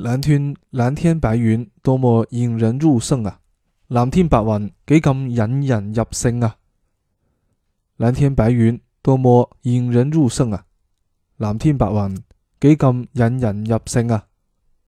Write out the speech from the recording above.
藍天藍天白雲，多麼引人入勝啊！藍天白雲幾咁引人入勝啊！藍天白雲多麼引人入勝啊！藍天白雲幾咁引人入勝啊！